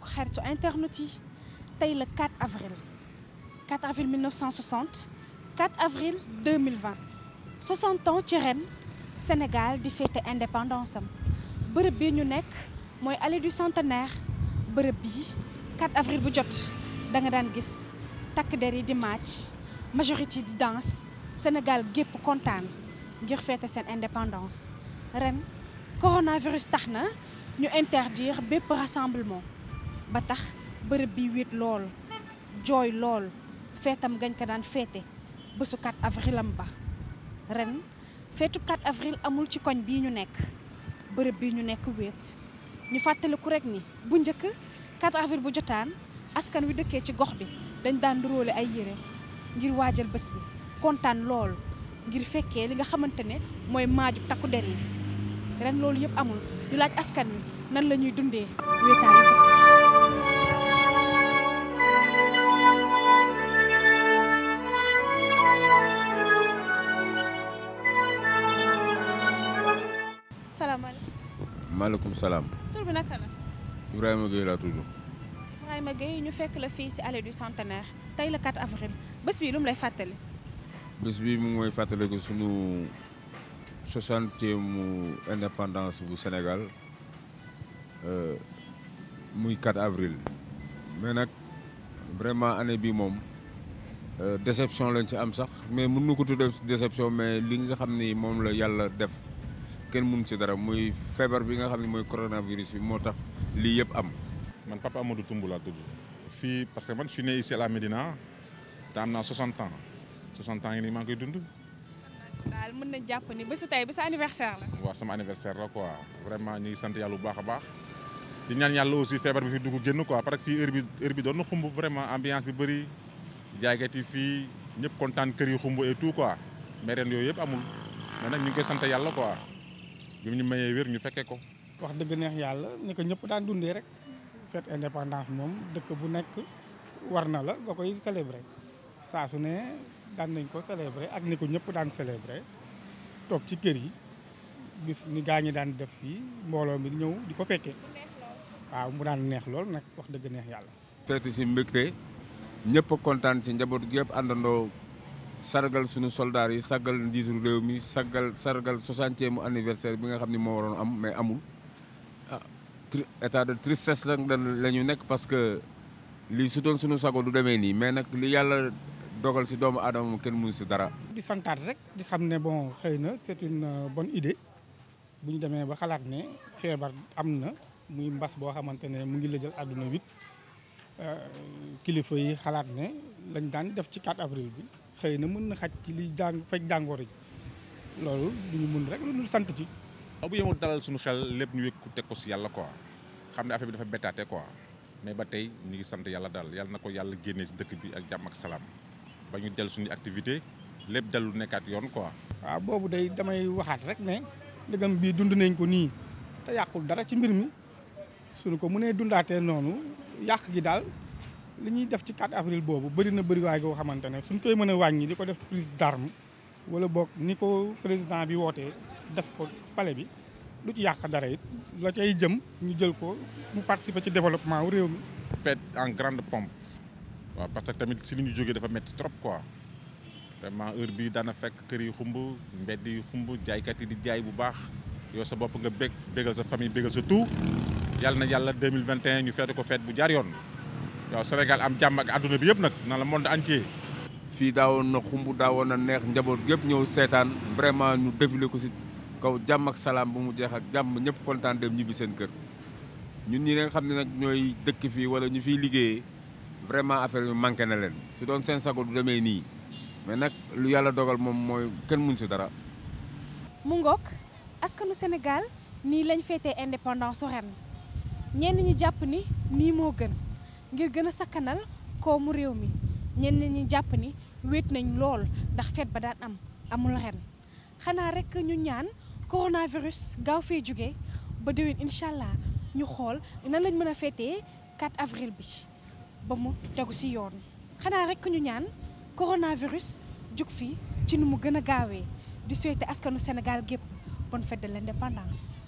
le le 4 avril 4 avril 1960 4 avril 2020 60 ans le Sénégal a fêté indépendance Le bi du centenaire Le 4 avril bu jot da nga daan majorité de danse Sénégal est content ngir indépendance coronavirus a ñu interdire pour rassemblement ba tax lol, bi lol, lool jooy fete, besukat gañ ko 4 avril am ba ren fetu 4 avril amul ci koñ bi ñu nek bërëb bi ñu nek wet ñu ku rek ni bu ñëk 4 avril bu jotaan askan wi dekké ci gox bi dañ daan róole ay yéré ngir wajjal bëss bi contane lol ngir li nga xamantene moy maaju takku der yi ren lol yëpp amul ñu laaj askan wi nan lañuy dundé wétaay bëss bi asalaamaaleykum. maaleykum salam. tur bi nakala la. Ibrahima Gueye la tudd. Ibrahima Gueye ñu fekk la fii si allée du centenaire tey le 4 avril bés bi lu mu lay fàttali. bés bi mu ngi mooy fàttaliku sunu soixantième indépendance bu Sénégal euh, muy 4 avril. mais nag vraiment année bi moom euh, déception lañ ci am sax mais mën nu ko tuddee déception mais li nga xam ni moom la yàlla def. ken mënu ci dara muy feebar bi nga xamni moy coronavirus bi motax li lii am. man papa Amadou Toumb laa tudd fii parce que man je suis né ici à la medina te amna 60 ans 60 ans ni ma ngi dund. dal mën na japp ni bëss tay bëss anniversaire la. wa sama anniversaire la quoi vraiment ni sante yalla bu baaxa baax di ñaan yalla aussi feebar bi fi duggu genn quoi parce que fi heure bi heure bi doon xumbu vraiment ambiance bi bari jaagati fi ñep contane kontaan kër yi xumb et tout quoi mais ren yooyu yëpp amul mais nak ñu ngi sante yalla quoi. bi ñu mayee wér ñu fekkee ko. wax dëgg neex yàlla ni ko ñëpp daan dundee rek fête indépendance moom dëkk bu nekk war na la nga koy célébrer saa su ne daan nañ ko célébrer ak ni ko ñëpp daan célébrer toog ci kër yi gis ni gaa ñi daan def fii mbooloo mi ñëw di ko fekkee waaw mu daan neex lool nag wax dëgg neex yàlla. feeti si mbégte ñëpp kontaan si njaboot gi yëpp àndandoo. sargal suñu soldats yi sargal njiitu réew mi sargal sargal soixantième anniversaire bi nga xam ni moo waroon am mais amul ah état de tristesse nag la ñu nekk parce que lii su doon suñu sago du demee nii mais nag li yàlla dogal si doomu aadama kenn mënu si dara. di santaat rek di xam ne bon xëy na c'est une euh, bonne idée bu ñu demee ba xalaat ne feebar am na muy mbas boo xamante ne mu ngi lëjal àdduna wit euh, kilifa yi xalaat ne lañ daan def ci 4 avril bi. xëy na mën na xaj ci li jàng fekk jàngoro ji loolu du ñu mën rek lu dul sant ci. bu yemoo dalal suñu xel lépp ñu wékk teg ko si yàlla quoi xam ne affaire bi dafa bettaate quoi mais ba tey ñu ngi sant yàlla daal yàlla na ko yàlla génnee si dëkk bi ak jàmm ak salaam ba ñu dellu suñu activité lépp dellu nekkaat yoon quoi. waaw boobu day damay waxaat rek ne ndegam bii dund nañ ko nii te yàqul dara ci mbir mi suñu ko mënee dundaatee noonu yàq gi daal. li ñuy def ci 4 avril boobu bëri na bëri waay goo xamante ne suñ koy mën a wàññi di ko def prise d'arme wala boog ni ko président bi wootee def ko palais bi lu ci yàq dara it la cay jëm ñu jël ko mu participer ci développement wu réew mi. fête en grande pompe waaw parce que tamit si lu ñu jógee dafa métti trop quoi vraiment heure bi daana fekk kër yi xumb mbedd yi xumb jaaykat yi di jaay bu baax yow sa bopp nga bég bégal sa famille bégal sa tout yàlla na yàlla 2021 ñu feete ko fête bu jaar yoon. waaw Sénégal am jàmm ak adduna bi yëpp nag nala la monde entier. fii daawoon na xumb daawoon na neex njaboot gépp ñëw seetaan vraiment ñu défilé ko si kaw jàmm ak salaam bu mu jeex ak jàmm ñëpp kontaan dem ñibbi seen kër. ñun ñi nga xam ne nag ñooy dëkk fii wala ñu fii liggéeye vraiment affaire yu manqué na leen su doon seen sago du demee nii mais nag lu yàlla dogal moom mooy kenn mun si dara. mu ngoog askanu Sénégal nii lañ féetee indépendance ren ñenn ñi jàpp ni nii moo gën. ngir gën a sakkanal koomu réew mi ñenn ñi jàpp ni wéet nañ lool ndax feet ba daan am amul ren xanaa rek ñu ñaan coronavirus gaaw fee jóge ba déwén incha allah ñu xool na lañ mën a feetee 4 avril bi ba mu tegu ci yoon xanaa rek ñu ñaan coronavirus jug fii ci nu mu gën a gaawee di souhaiter askanu Sénégal gépp bonne fête de l'indépendance